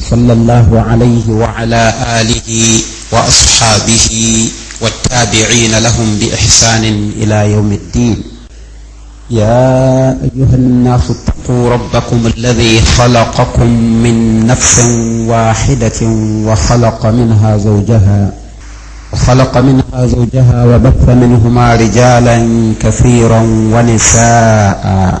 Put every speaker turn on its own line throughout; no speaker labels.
صلى الله عليه وعلى آله وأصحابه والتابعين لهم بإحسان إلى يوم الدين يا أيها الناس اتقوا ربكم الذي خلقكم من نفس واحدة وخلق منها زوجها وخلق منها زوجها وبث منهما رجالا كثيرا ونساء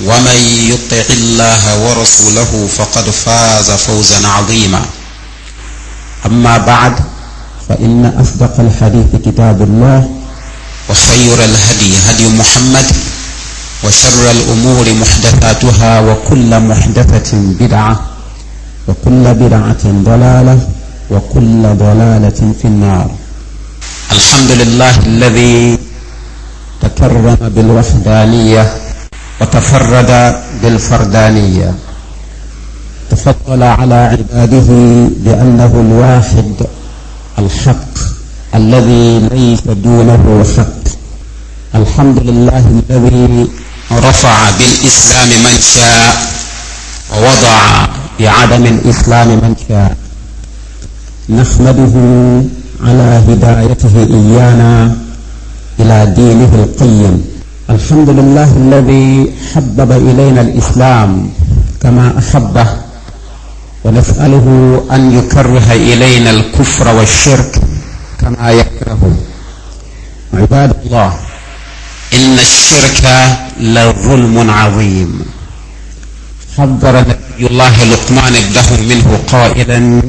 ومن يطع الله ورسوله فقد فاز فوزا عظيما أما بعد فإن أصدق الحديث كتاب الله وخير الهدي هدي محمد وشر الأمور محدثاتها وكل محدثة بدعة وكل بدعة ضلالة وكل ضلالة في النار الحمد لله الذي تكرم بالوحدانية وتفرد بالفردانية تفضل على عباده بأنه الواحد الحق الذي ليس دونه حق الحمد لله الذي رفع بالإسلام من شاء ووضع بعدم الإسلام من شاء نحمده على هدايته إيانا إلى دينه القيم الحمد لله الذي حبب إلينا الإسلام كما أحبه ونسأله أن يكره إلينا الكفر والشرك كما يكرهه عباد الله إن الشرك لظلم عظيم حذر نبي الله لقمان ابنه منه قائلا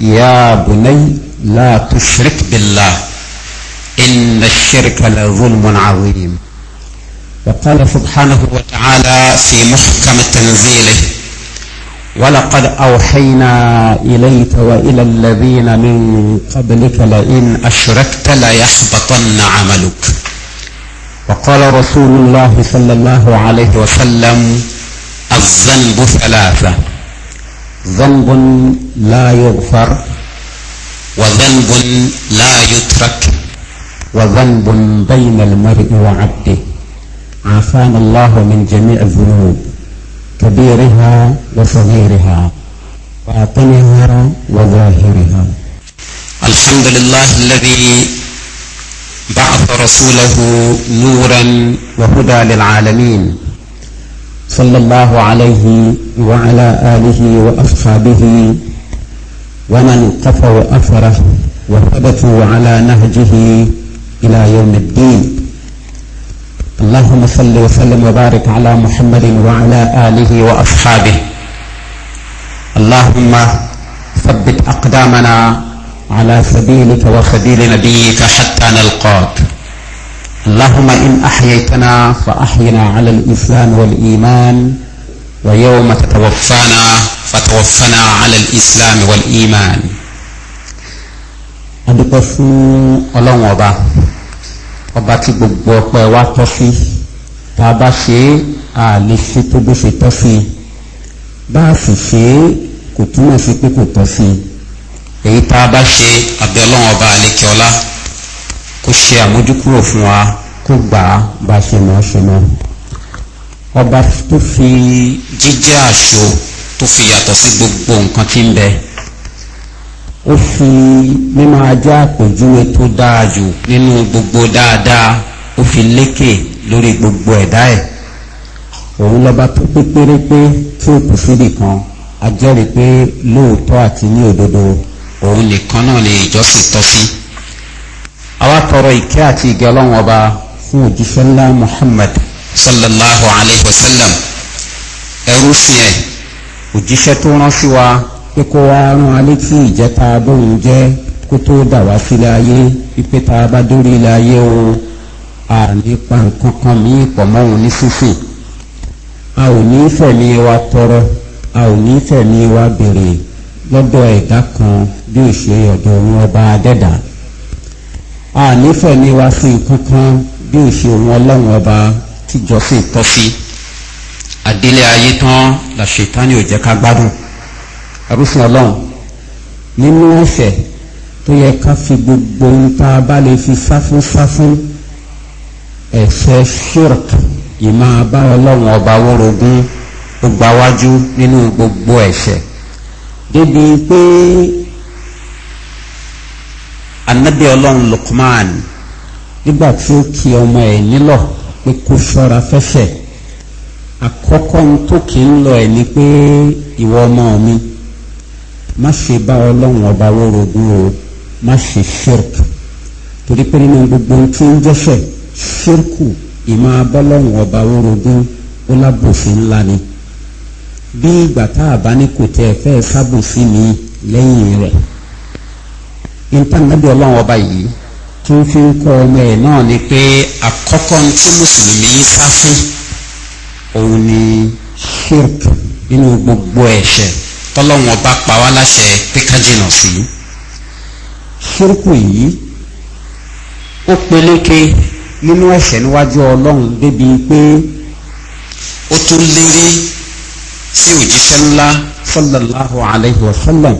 يا بني لا تشرك بالله إن الشرك لظلم عظيم وقال سبحانه وتعالى في محكم تنزيله ولقد أوحينا إليك وإلى الذين من قبلك لئن أشركت ليحبطن عملك وقال رسول الله صلى الله عليه وسلم الذنب ثلاثة ذنب لا يغفر وذنب لا يترك وذنب بين المرء وعبده عافانا الله من جميع الذنوب كبيرها وصغيرها باطنها وظاهرها الحمد لله الذي بعث رسوله نورا وهدى للعالمين صلى الله عليه وعلى آله وأصحابه ومن قفوا أثره وثبتوا على نهجه إلى يوم الدين اللهم صل وسلم وبارك على محمد وعلى آله وأصحابه اللهم ثبت أقدامنا على سبيلك وسبيل نبيك حتى نلقاك اللهم إن أحييتنا فأحينا على الإسلام والإيمان ويوم تتوفانا فتوفنا على الإسلام والإيمان أدقفوا الله وبارك ọba tí gbogbo ọpẹ́ wa tọ́ sí tá a bá ṣe é a lè ṣe tó bó ṣe tọ́ sí i bá a sì ṣe é kò túmọ̀ sí pé kò tọ́ sí èyí tá a bá ṣe abẹ́ ọlọ́run ọba àlekè ọlá kó ṣe àmójúkúrò fún wa kó gbà á bá a ṣe mọ̀ ṣe mọ́ ọba tó fi jíjẹ́ àṣọ tó fi yàtọ̀ sí gbogbo nǹkan tí ń bẹ ó fi mímọ ajá àpèjúwe tó dáa jù nínú gbogbo dáadáa ó fi lékè lórí gbogbo ẹ̀dá ẹ̀ òun lọ́ba tó pé pérépé tí ó kù síbì kan a jẹ́rìí pé lóòótọ́ àti ní òdodo òun nìkan náà ni ìjọsìn tọ́ sí. àwa tọrọ ìkẹ́ àti ìgẹ́ ọlọ́run ọba fún òjíṣẹ́ ńlá Muhammad sallallahu alayhi wa sallam ẹrú sí ẹ òjíṣẹ́ tó rán sí wa pé kó wá rán a létí ìjẹta bóun jẹ́ kó tó dà wá sílé ayé wípé tá a bá dórí ilé ayé o a nípa nǹkan kan míì pọ̀ mọ́ òun ní sísìn a ò ní fẹ̀mí wa tọrọ a ò ní fẹ̀mí wa bèrè lọ́dọ̀ ẹ̀dá kan bí ò ṣe ọ̀dọ̀ òun ọba adẹ́dà a ní fẹ̀mí wa sí nǹkan bí ò ṣe òun ọlọ́run ọba tíjọ́sìn tọ́ sí adélé ayé tán làṣetán ni ò jẹ́ ká gbádùn àrùsùn ọlọ́run nínú ẹ̀ṣẹ̀ tó yẹ ká fi gbogbo nípa bá lè fi fáfún fáfún ẹ̀ṣẹ̀ shirk ìmọ̀ bá ọlọ́run ọba wórogún gbogbo awájú nínú gbogbo ẹ̀ṣẹ̀ débi pé anabi ọlọ́run Luqman nígbà tí ó kì ọmọ ẹ̀ nílọ̀ pé kó ṣọ́ra fẹ́fẹ́ àkọ́kọ́ tó kì í lọ ẹ̀ ni pé ìwọ ọmọ mi má ṣe bá ọlọ́run ọba wórogún o má ṣe shirk torí pé nínú gbogbo tí ń jẹ́ṣẹ̀ shirku ìmọ̀ abọ́lọ́run ọba wórogún ó lábòsí ńlá ni bí ìgbà tá a bá ní kò tẹ́ ẹ fẹ́ sábòsí mi lẹ́yìn rẹ̀ intanẹ́tì ọlọ́run ọba yìí tí fi ń kọ́ ọmọ ẹ̀ náà ni pé àkọ́kọ́ tí mùsùlùmí ń sá fún òun ni shirk nínú gbogbo ẹ̀ṣẹ̀ tọ́lọ́wọ́n ọba pa wá láṣẹ pé ká jìnà sí ṣírùkù yìí ó peléke nínú ẹ̀ṣẹ̀ níwájú ọlọ́run débi pé ó tún lérí sí òjíṣẹ́ ńlá sallallahu alayhi wa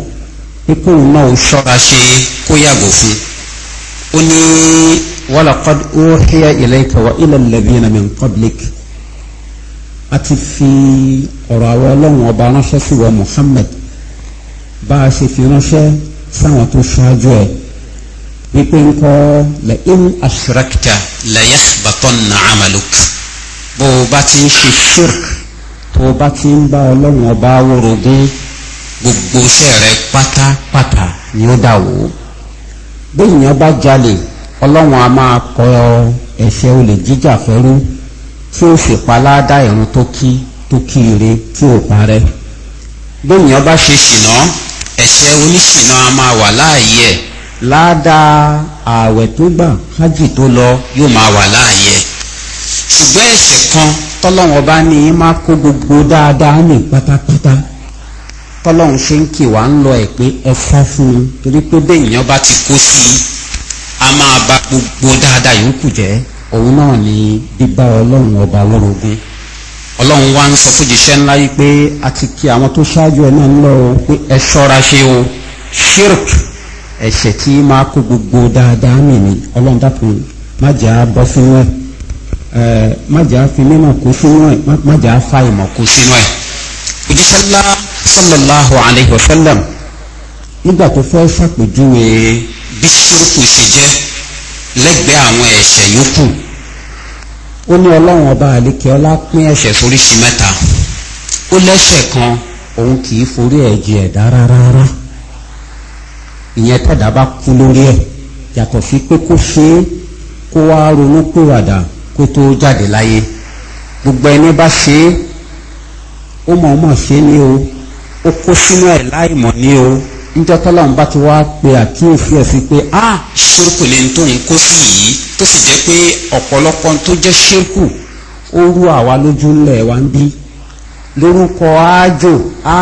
ikú náà ṣọ́ra ṣe kó yàgò fún ó ní walaqad uhiya ilayka wa ila alladhina min qablik a ti fi ọ̀rọ̀ àwọn ọlọ́run ọba ránṣẹ́ sí wa Muhammad bá a ṣe fi ránṣẹ́ sáwọn tó ṣáájú ẹ̀ wípé ń kọ́ la in ashrakta la yahbatanna amaluk bó o bá ti ń ṣe shirk tó o bá ti ń bá ọlọ́run ọba wórogún gbogbo iṣẹ́ rẹ pátápátá ni ó dà wò ó bí èèyàn bá jalè ọlọ́run a máa kọ ẹ̀ṣẹ̀ olè jíjà fẹ́rú tí ó sì paládá ìrun tó kí tó kí ire tí ò parẹ́ bóyá bá ṣe ṣìnà ẹ̀ṣẹ̀ oníṣìnà a máa wà láàyè ẹ̀ ládàá ààwẹ̀ tó gbà hajj tó lọ yóò máa wà láàyè ẹ̀ ṣùgbọ́n ẹ̀ṣẹ̀ kan tọ́lọ́wọ́n bá ní í máa kó gbogbo dáadáa ní pátápátá tọ́lọ́run ṣe ń kì wá ń lọ ẹ̀ pé ẹ fọ́ fún un torí pé béèyàn bá ti kó sí i a máa bà gbogbo dáadáa yòókù jẹ́ òun náà ni bíbá ọlọ́run ọba lọ́rọ̀gún ọlọ́run wa ń sọ fújìṣẹ́ ńlá yìí pé a ti kí àwọn tó ṣáájú ẹ̀ náà lọ pé ẹ ṣọ́ra ṣe o shirk ẹ̀ṣẹ̀ tí máa kó gbogbo dáadáa mì ní ọlọ́run dákun má jà á bọ́ sínú ẹ̀ má jà á fi mímọ̀ kó sínú ẹ̀ má jà á fa ìmọ̀ kó sínú ẹ̀ òjíṣẹ́ ńlá sallallahu alayhi wa sallam nígbà tó fẹ́ ṣàpèjúwe bí shirk ṣe jẹ́ lẹ́gbẹ̀ẹ́ àwọn ẹ̀ṣẹ̀ yòókù. ó ní ọlọ́run ọba àlékè ọlá pín ẹ̀ṣẹ̀ foríṣi mẹ́ta ó lẹ́ṣẹ̀ kan òun kì í forí ẹ̀ jì ẹ̀dá rárá ìyẹn tẹ̀dá bá kú lórí ẹ̀ yàtọ̀ sí pé kó ṣe é kó wá ronú pèwàdà kó tó jáde láyé gbogbo ẹni bá ṣe é ó mọ̀ọ́mọ̀ ṣe é ní o ó kó sínú ẹ̀ láìmọ̀ ní o níjọ́ tọ́lọ́run bá ti wá pe àkíyèsí ẹ̀ sí pé a ah, ṣírkù lè tó ń kó sí yìí tó sì jẹ́ pé ọ̀pọ̀lọpọ̀ tó jẹ́ ṣírkù ó rú àwa lójú ńlẹ̀ wa ń bí lórúkọ ájò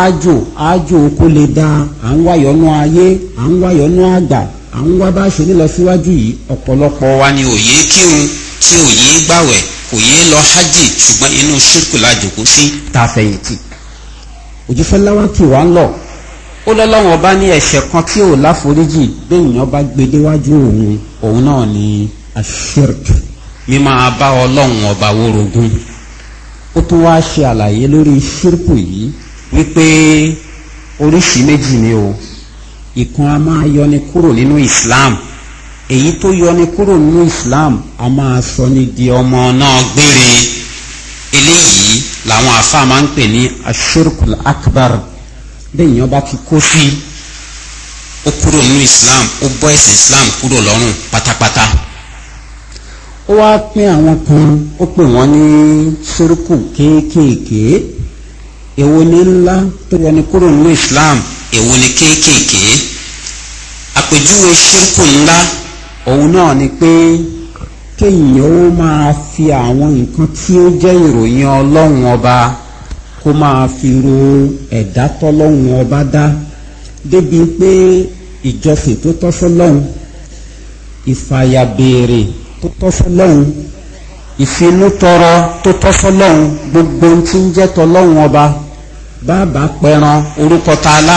ájò ájò kó lè da à ń wáyọnú ayé à ń wáyọnú àgbà à ń wá bá ṣe nílọsíwájú yìí ọ̀pọ̀lọpọ̀ wa ni òye kírun tí òye gbàwẹ̀ kò yé lọ hajj ṣùgbọ́n inú ṣírkù lájòkó sí tàfẹ̀yìntì òjífẹ́láwá kì wá ń lọ ó lọ́lọ́wọ́n bá ní ẹ̀ṣẹ̀ kan tí ò láforíjì béèyàn bá gbé déwájú òun òun náà ni ashirk mi máa bá ọlọ́run ọba wórogún ó tún wá ṣe àlàyé lórí shirku yìí wípé oríṣi méjì ni o ìkan a máa yọni kúrò nínú islam èyí tó yọni kúrò nínú islam a máa sọ ní di ọmọ náà gbére eléyìí làwọn àfa máa ń pè ní ashirkul akbar bẹ́ẹ̀ yẹn bá ti kó sí ó kúrò nínú islam ó bọ́ ẹ̀sìn islam kúrò lọ́rùn pátápátá. ó wáá pín àwọn kan ó pè wọ́n ní sórúkù kéékèèké èwo ni ńlá tó yọ ni kúrò nínú islam èwo ni kéékèèké àpèjúwe sórúkù ńlá òun náà ni pé kéèyàn ó máa fi àwọn nǹkan tí ó jẹ́ ìròyìn ọlọ́run ọba kó máa fi ro ẹ̀dá tọ́lọ́hún ọba dá débi pé ìjọsìn tó tọ́ sọ́lọ́hún ìfàyàbèrè tó tọ́ sọ́lọ́hún ìfinútọrọ tó tọ́ sọ́lọ́hún gbogbo ohun tí ń jẹ́ tọ́lọ́hún ọba bàbá pẹran orúkọ tá a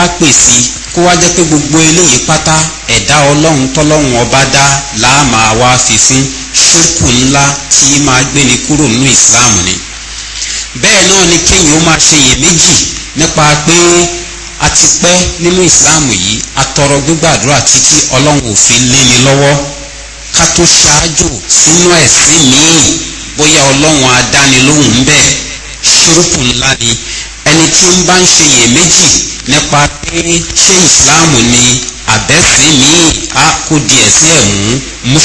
kó wá jẹ́ pé gbogbo eléyìí pátá ẹ̀dá ọlọ́run tọ́lọ́run ọba dá láàmà wá fi ṣókùn ńlá tí máa gbéni kúrò nínú ìsìláàmù ni bẹ́ẹ̀ náà ni kéèyàn ó máa ṣe iyèméjì nípa pé a ti pẹ́ nínú ìsìláàmù yìí atọrọ gbígbàdúrà títí ọlọ́run òfin léni lọ́wọ́ ká tó ṣáájò sínú ẹ̀sìn míì bóyá ọlọ́run adánilóhùn ń bẹ̀ ṣúrùpù ńlá ni ẹni tí ń bá ń ṣe iyèméjì nípa pé ṣé ìsìláàmù ni àbẹ́sìn míì á kó di ẹ̀sìn ẹ̀ mú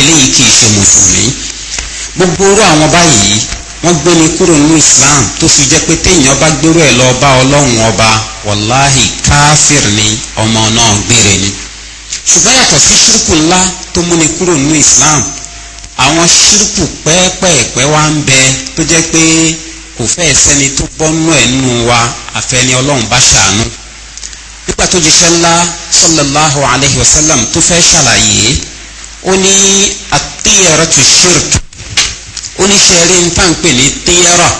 eléyìí kì í ṣe mùsùlùmí gbogbo orú àwọn báyìí wọ́n gbé ni kúrò nínú islam tó fi jẹ́ pé téèyàn bá gbérò ẹ̀ lọ bá ọlọ́run ọba wàláhì káfíìr ni ọmọ náà gbére ni ṣùgbọ́n yàtọ̀ sí ṣírùkù ńlá tó múni kúrò nínú islam àwọn ṣírùkù pẹ́ẹ́pẹ́ẹ́pẹ́ wá ń bẹ tó jẹ́ pé kò fẹ́ sẹ́ni tó bọ́nú ẹ̀ nínú wa àfẹ́ni ọlọ́run bá ṣàánú nígbà tó jíṣẹ́ ńlá sallallahu alayhi wa sallam tó fẹ́ ṣàlàyé ó ní àtìyẹ̀rẹ̀ tó ṣírùkù oníṣẹ́ rí ń tàn pè ní tẹ́rọ̀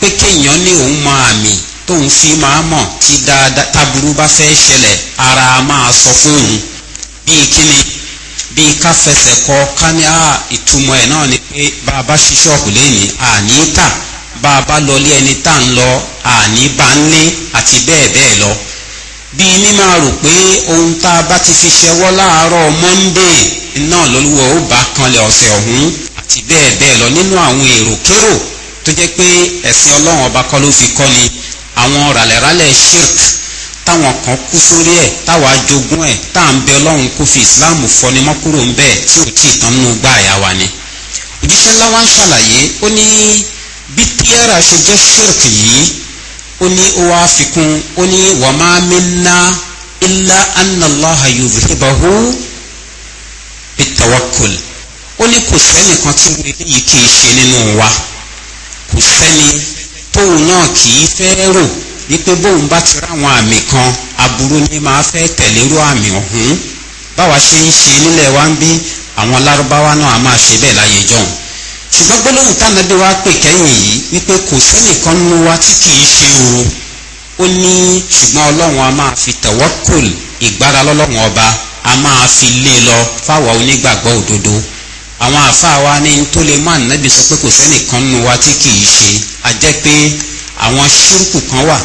pé kéèyàn ní òun mọ àmì tóun fi máa mọ̀ tí dáadáa táburú bá fẹ́ ṣẹlẹ̀ ara máa sọ fún òun bíi kíni bíi ká fẹsẹ̀ kọ ká ní à ìtumọ̀ ẹ̀ náà ni pé bá a bá ṣí ṣọ́ọ̀bù lẹ́yìn àní tà bá a bá lọ lé ẹni tá ń lọ àní bá ń lé àti bẹ́ẹ̀ bẹ́ẹ̀ lọ bíi mímọ rò pé ohun tá a bá ti fi ṣẹwọ́ láàárọ̀ monday náà lọ́lúwọ̀ ó bá kanlẹ̀ ọ̀sẹ̀ ọ̀hún àti bẹ́ẹ̀ bẹ́ẹ̀ lọ nínú àwọn èrò kérò tó jẹ́ pé ẹ̀sìn ọlọ́run ọba kọ́ ló fi kọ́ ni àwọn ràlẹ̀ràlẹ̀ shirk táwọn kan kú sórí ẹ̀ táwa jogún ẹ̀ tá à ń bẹ ọlọ́run kó fi ìsìláàmù fọni mọ́kúrò ń bẹ́ẹ̀ tí ò tí ì tán nínú gbá àyà wa ni. òjíṣẹ́ ńlá wa ń ṣàlàyé ó ní bí tíyẹ́rà ṣe jẹ́ shirk yìí ó ní ó wá fi kún ó ní wàmáàmínà ilá annaláha yorùbá bàhú ó ní kò sẹ́nìkan tí wọ́n eléyìí kì í ṣe nínú wa kò sẹ́ni tóun náà kì í fẹ́ rò wípé bóun bá ti ráwọn àmì kan aburú ni máa fẹ́ tẹ̀lé irú àmì ọ̀hún báwa ṣe ń ṣe nílẹ̀ wa ń bí àwọn lárúbáwá náà a máa ṣe bẹ́ẹ̀ láyé jọ̀hún ṣùgbọ́n gbólóhùn tánàbí wa pè kẹ́yìn yìí wípé kò sẹ́nìkan nínú wa tí kì í ṣe ooru ó ní ṣùgbọ́n ọlọ́run a máa fi tẹ̀wọ́kùl ìgbára lọ́lọ́run ọba a máa fi lé lọ fáwọn onígbàgbọ́ òdodo àwọn àfáà wa ní tó lè má nàbì sọ pé kò sẹ́nìkan nù wa tí kìí ṣe a jẹ́ pé àwọn ṣírùkù kan wà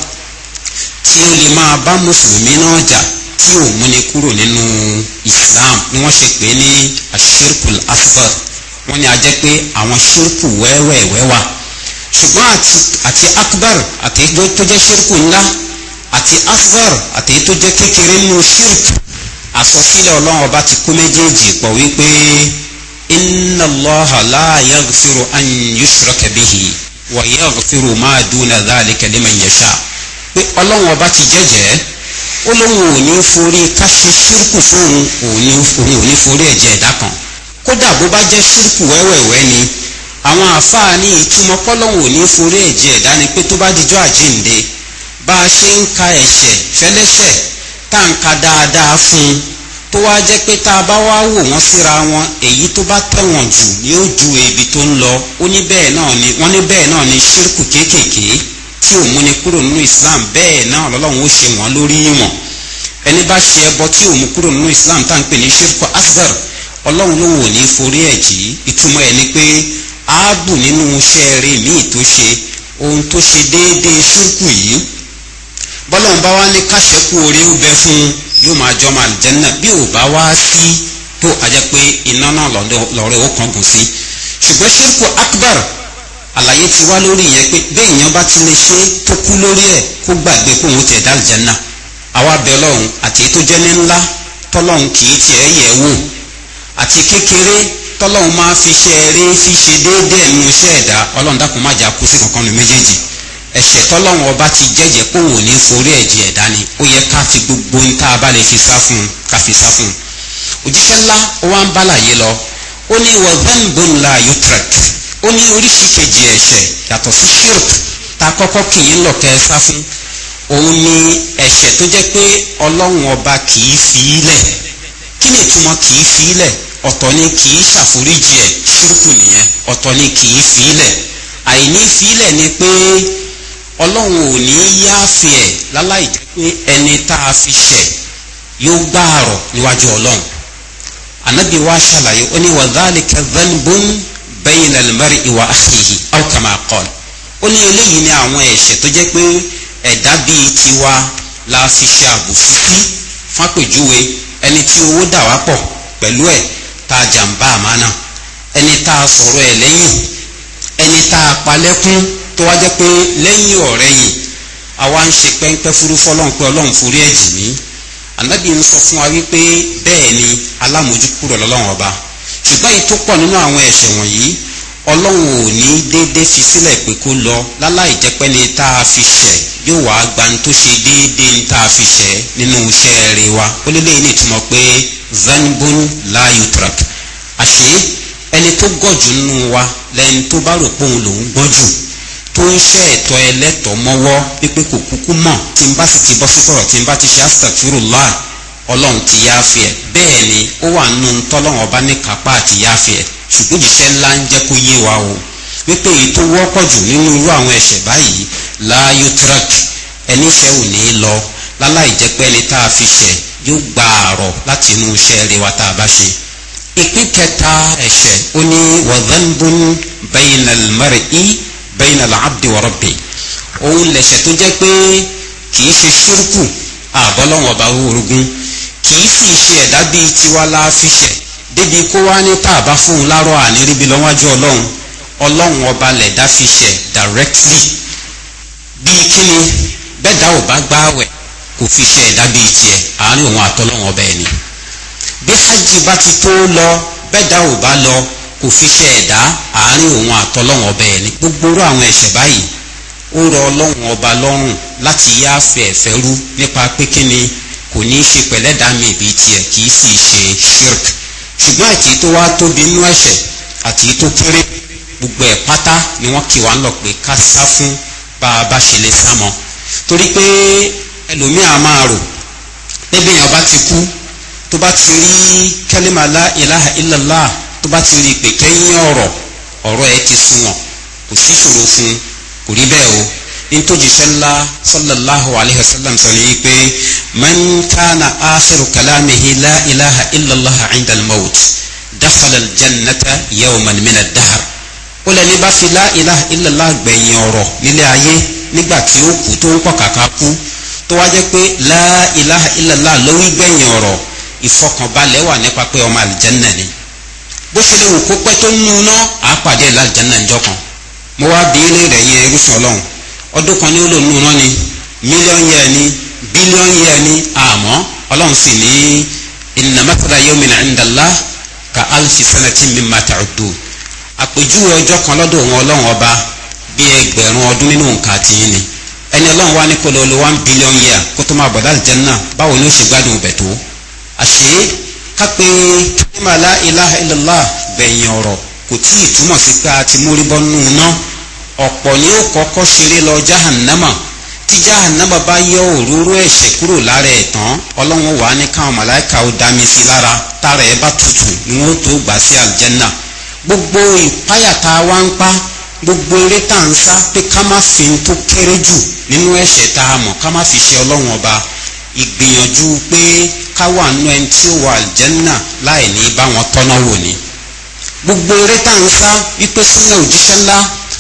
tí ó lè máa bá mùsùlùmí náà jà tí ò múni kúrò nínú islam ni wọ́n ṣe pé ní ashirkul asghar wọ́n ní a jẹ́ pé àwọn ṣírùkù wẹ́wẹ́wẹ́ wà ṣùgbọ́n àti akbar àti tó jẹ́ ṣírùkù ńlá àti asghar àti tó jẹ́ kékeré nínú ṣírùkù àsọsílẹ̀ ọlọ́run ọba ti kó méjèèjì pọ̀ wípé inna allaha la yaghfiru an yushraka bihi wa yaghfiru ma duna dhalika liman yasha pé ọlọ́run ọba ti jẹ́jẹ́ ó lóun ò ní forí ká ṣe ṣírkù fóun òun ò ní forí ẹ̀jẹ̀ ẹ̀dá kan kódà bó bá jẹ́ ṣírkù wẹ́wẹ̀wẹ́ ni àwọn àáfàá ní ìtumọ̀ pọ́lọ́hún ò ní forí ẹ̀jẹ̀ ẹ̀dá ni pé tó bá dijọ́ àjínde bá a ṣe ń ka ẹ̀ṣẹ̀ fẹ́lẹ́ṣẹ̀ tá à ń ka dáadáa fún un tó wá jẹ́ pé tá a bá wá wò wọ́n síra wọn èyí tó bá tẹ̀wọ̀n jù yóò ju ibi tó ń lọ ó ní bẹ́ẹ̀ náà ni wọ́n ní bẹ́ẹ̀ náà ni ṣírkù kéékèèké tí ò múni kúrò nínú islam bẹ́ẹ̀ náà lọ́lọ́run ó ṣe wọ́n lórí ìwọ̀n ẹni bá ṣe ẹbọ tí ò mú kúrò nínú islam tá à ń pè ní ṣírkù asgar ọlọ́run ló wò ní forí ẹ̀ jì ìtumọ̀ ẹ̀ ni pé ààbù nínú iṣẹ́ rẹ̀ míì tó ṣe ohun tó ṣe déédéé ṣírkù yìí bọ́lọ́run bá wá ní káṣẹ́kù oore ó bẹ fún un yóò máa jọ máa àlìjẹ́nà bí ò bá wá sí tó ajẹ́ pé iná náà lọ́rẹ́ ó kángun sí ṣùgbọ́n ṣírkù akbar àlàyé ti wá lórí yẹn pé bẹ́ẹ̀ èèyàn bá ti lè ṣe tó kú lórí ẹ̀ kó gbàgbé kó òun tiẹ̀ dá àlìjẹ́nà àwa bẹ lọ́hùn àti èyí tó jẹ́ ní ńlá tọ́lọ́hùn kì í tiẹ̀ yẹ̀ wò àti kékeré tọ́lọ́hùn máa fi ṣe eré fi ṣe déédéé nínú iṣẹ́ ẹ̀dá ọlọ́run dákun má jà kú sí kankan ní méjèèjì ẹ̀ṣẹ̀ tọ́lọ́wọ́n ọba ti jẹ́jẹ́ pò wò ní forí ẹ̀jẹ̀ ẹ̀dá ni ó yẹ ká fi gbogbo ní tá a bá lè fi sá fún un ká fi sá fún un òjíṣẹ́ ńlá ó wá ń bálàyé lọ ó ní wọ́gbẹ́ngbòǹla utrecht ó ní oríṣi kejì ẹ̀ṣẹ̀ yàtọ̀ sí shirk ta kọ́kọ́ kì í lọ kẹ́ ẹ sá fún òun ni ẹ̀ṣẹ̀ tó jẹ́ pé ọlọ́run ọba kì í fi í lẹ̀ kí ni ìtumọ̀ kì í fi í lẹ̀ ọ̀tọ̀ ni kì í ṣàforíjì ẹ̀ ṣírùkù nìyẹn ọ̀tọ̀ ni kì í fi í lẹ̀ àìní fi í lẹ̀ ni pé ọlọ́run ò ní yááfì ẹ̀ láláì jẹ́ pé ẹni tá a fi ṣẹ̀ yóò gbààrọ̀ níwájú ọlọ́run anabi wa ṣàlàyé ó ní wàdálì kẹfẹ́nbọ́n bẹ́yìn lẹ́lẹ́mẹ́rì ìwà àhìhì ọ̀kàmà kọ́ni ó ní eléyìí ni àwọn ẹ̀ṣẹ̀ tó jẹ́ pé ẹ̀dá bíi tiwa la fi ṣe àbòsí sí fápèjúwe ẹni tí owó dà wá pọ̀ pẹ̀lú ẹ̀ tá a jàǹbá àmánà ẹni tá a sọ̀rọ̀ ẹ̀ lẹ́yìn ẹni tá a palẹ́kún tó wá jẹ́ pé lẹ́yìn ọ̀rẹ́ yìí àwa ń ṣe pẹ́ńpẹ́ fúrú fọlọ́n pé ọlọ́run forí ẹ̀ jì mí ànábì ń sọ fún wa wípé bẹ́ẹ̀ ni alámójúkúrò lọ́lọ́run ọba ṣùgbọ́n èyí tó pọ̀ nínú àwọn ẹ̀ṣẹ̀ wọ̀nyí ọlọ́run ò ní déédé fi sílẹ̀ pé kó lọ láláì jẹ́ pé ní tá a fi ṣẹ̀ yóò wá gba ní tó ṣe déédé ní tá a fi ṣẹ̀ nínú iṣẹ́ rẹ̀ wa ó lé léyìn ní ìtumọ̀ pé zanbon layu trak àṣé ẹni tó gọ̀jù nínú wa lẹni tó bá rò pé òun lòún gbọ́n tó ń ṣe ẹ̀tọ́ ẹlẹ́tọ̀ọ́ mọ́wọ́ pípé kò kúkú mọ̀ tí n bá sì ti bọ́ sí kọ̀rọ̀ tí n bá ti ṣe astaghfirullah ọlọ́run ti yá fi ẹ̀ bẹ́ẹ̀ ni ó wà nù ń tọ́lọ́run ọba ní kápá àti yá fi ẹ̀ ṣùgbọ́n ìṣẹ́ ńlá ń jẹ́ kó yé wa o wípé èyí tó wọ́pọ̀ jù nínú irú àwọn ẹ̀ṣẹ̀ báyìí la yutrak ẹni ṣẹ́ ò ní lọ láláì jẹ́ pé ẹni tá a fi ṣẹ̀ yóò gba àrọ̀ láti inú iṣẹ́ rẹ̀ wa tá a bá ṣe. ìpín kẹta ẹ̀ṣẹ̀ ó ní wa dhanbun bayna al-mar'i bayna al-abdi wa rabbi òun lẹ̀ṣẹ̀ tó jẹ́ pé kì í ṣe ṣírkù àbọ́lọ́wọ̀n ọba orogún kì í sì ṣe ẹ̀dá bíi tiwa la fi ṣẹ̀ débi kó wá ní tá a bá fóun lárọ̀ àní ríbi lọ́wájú ọlọ́run ọlọ́run ọba lẹ̀dá fi ṣẹ̀ directly bíi kíni bẹ́ẹ̀dá ò bá gbáwẹ̀ kò fi ṣe ẹ̀dá bíi tiẹ̀ àárín òun àtọ́lọ́run ọba ẹni bí hajj bá ti tó lọ bẹ́ẹ̀dá ò bá lọ kò fi tẹ ẹ̀dá àárín òun àtọlọ́wọ̀n ọbẹ̀ ẹ̀ ní gbogbo orú àwọn ẹ̀ṣẹ̀ báyìí ó rọ ọlọ́wọ̀n ọba lọ́rùn láti yá fẹ̀ẹ̀fẹ́ rú nípa pé kíni kò ní í ṣe pẹ̀lẹ́dàá mi ìbí tiẹ̀ kì í sì ṣe shirk ṣùgbọ́n àti tó wá tóbi nínú ẹ̀ṣẹ̀ àti tó kéré gbogbo ẹ̀ pátá ni wọ́n kì wá ń lọ pé ká sá fún bá a bá ṣe lè sá mọ́ torí pé ẹlòmíà máa rò tó bá ti rí i pé kẹ́yìn ọ̀rọ̀ ọ̀rọ̀ ẹ ti sunwọ̀n kò sí ìṣòro fún kò rí bẹ́ẹ̀ o nítòjíṣẹ́ ńlá sallallahu alayhi wa sallam sọ yìí pé man kana akhiru kalamihi la ilaha illallah inda al-maut dakhala al-jannata yawman min ad-dahr ó lẹ́ni bá fi la ilaha illallah gbẹ̀yìn ọ̀rọ̀ nílé ayé nígbà tí ó kú tó ń pọ̀ kàkà kú tó wá jẹ́ pé la ilaha illallah ló gbẹ̀yìn ọ̀rọ̀ ìfọkànbalẹ̀ wà nípa pé ọmọ àlìjẹ́nà ni bó ṣe lè wò kó pẹ́ tó ń nu ná àápàdé lálìjáná ìjọ kan mo wá bí ilé rẹ̀ yẹn irúfẹ́ ọlọ́run ọdún kan ní ó lò ni mílíọ̀nù yẹn ni bílíọ̀nù yẹn ni àmọ́ ọlọ́run sì ní ìnàmọ́tàdá yóò mìíràn ìdàlá ka alfi sanati mímà tàdó àpèjúwe ọjọ́ kan lọ́dọ̀ òun ọlọ́run ọba bí ẹgbẹ̀rún ọdún nínú nǹkan àti yín ni ẹni ọlọ́run wá ní pẹ̀lú olú one billion year kó tó máa bọ̀dá àlìjẹ́nà báwo ni ó ṣe gbádùn ibẹ̀ tó àṣé kápẹ́ ìmàlá ilaha illallah gbẹ̀yìn ọ̀rọ̀ kò tí ì túmọ̀ sí pé a ti mórí bọ́ nù ná ọ̀pọ̀ ni ó kọ́kọ́ ṣeré lọ jahannama tí jahannama bá yọ òróró ẹ̀ṣẹ̀ kúrò lára ẹ̀ tán ọlọ́run wàá ní káwọn màláìka ó dá mi sí lára tára ẹ̀ bá tutù ni wọ́n tó gbà sí aljanna gbogbo ìpáyà tá a wá ń pa gbogbo eré tá à ń sá pé ká má fi ń tó kéré jù nínú ẹ̀ṣẹ̀ tá a mọ̀ ká má fi ṣe ọlọ́run ọba ìgbìyànjú pé ká wà nínú ẹni tí ó wà àlìjẹ́nà láì ní bá wọn tọ́nà wò ni. gbogbo eré tá à ń sá wípé súnà òjíṣẹ́ ńlá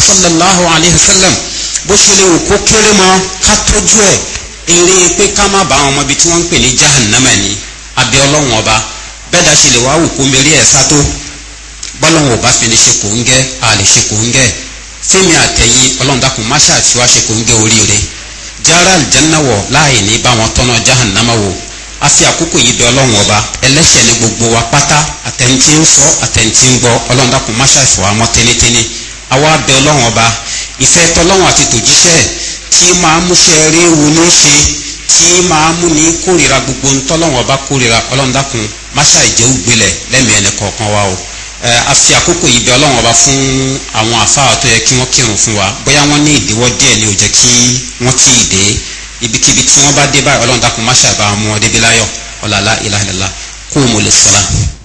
sallallahu alayhi sallam bó ṣe lè wò kó kéré mọ́ ká tọ́jú ẹ̀ eré pé ká má bá àwọn ọmọ ibi tí wọ́n ń pè ní jahannama ni abẹ́ ọlọ́run ọba bẹ́ẹ̀ dá ṣe lè wá wò kó mérí ẹ̀ sá tó bọ́lọ́run ọba fi ni ṣe kò ń gẹ́ àlè ṣe kò ń gẹ́ fíìmì àtẹ̀yìn ọlọ́run dákun máṣáà ṣe kò ń gẹ́ oríire jára àlìjánná wọ̀ ní bá wọn tọ́nà jahannama wò a fi àkókò yìí bẹ ọlọ́run ọba ẹlẹ́ṣẹ̀ ní gbogbo wa pátá àtẹ̀ntì ń sọ àtẹ̀ntì ń gbọ́ ọlọ́run dàkún máṣá ìfọwọ́ àmọ́ tẹ́nitẹ́ni àwa bẹ ọlọ́run ọba ìfẹ́ tọlọ́run àti tòjíṣẹ́ tí máa mú ṣe eré wo ní gbogbo ń tọ́lọ́run ọba kórìíra ọlọ́run dàkún máṣá ìjẹ́ ògbélẹ̀ wa o a fi àkókò yìí bẹ ọlọ́run ọba fún àwọn àfáà tó kí wọ́n kírun fún wa bóyá wọ́n ní ìdíwọ́ díẹ̀ ni ò ibikíbi tí wọ́n bá dé báyìí ọlọ́run dákun má ṣàbà mú wọn débi láyọ̀ ọ̀làlá ìlàhìlá kó o mọ̀ lè sọ́la.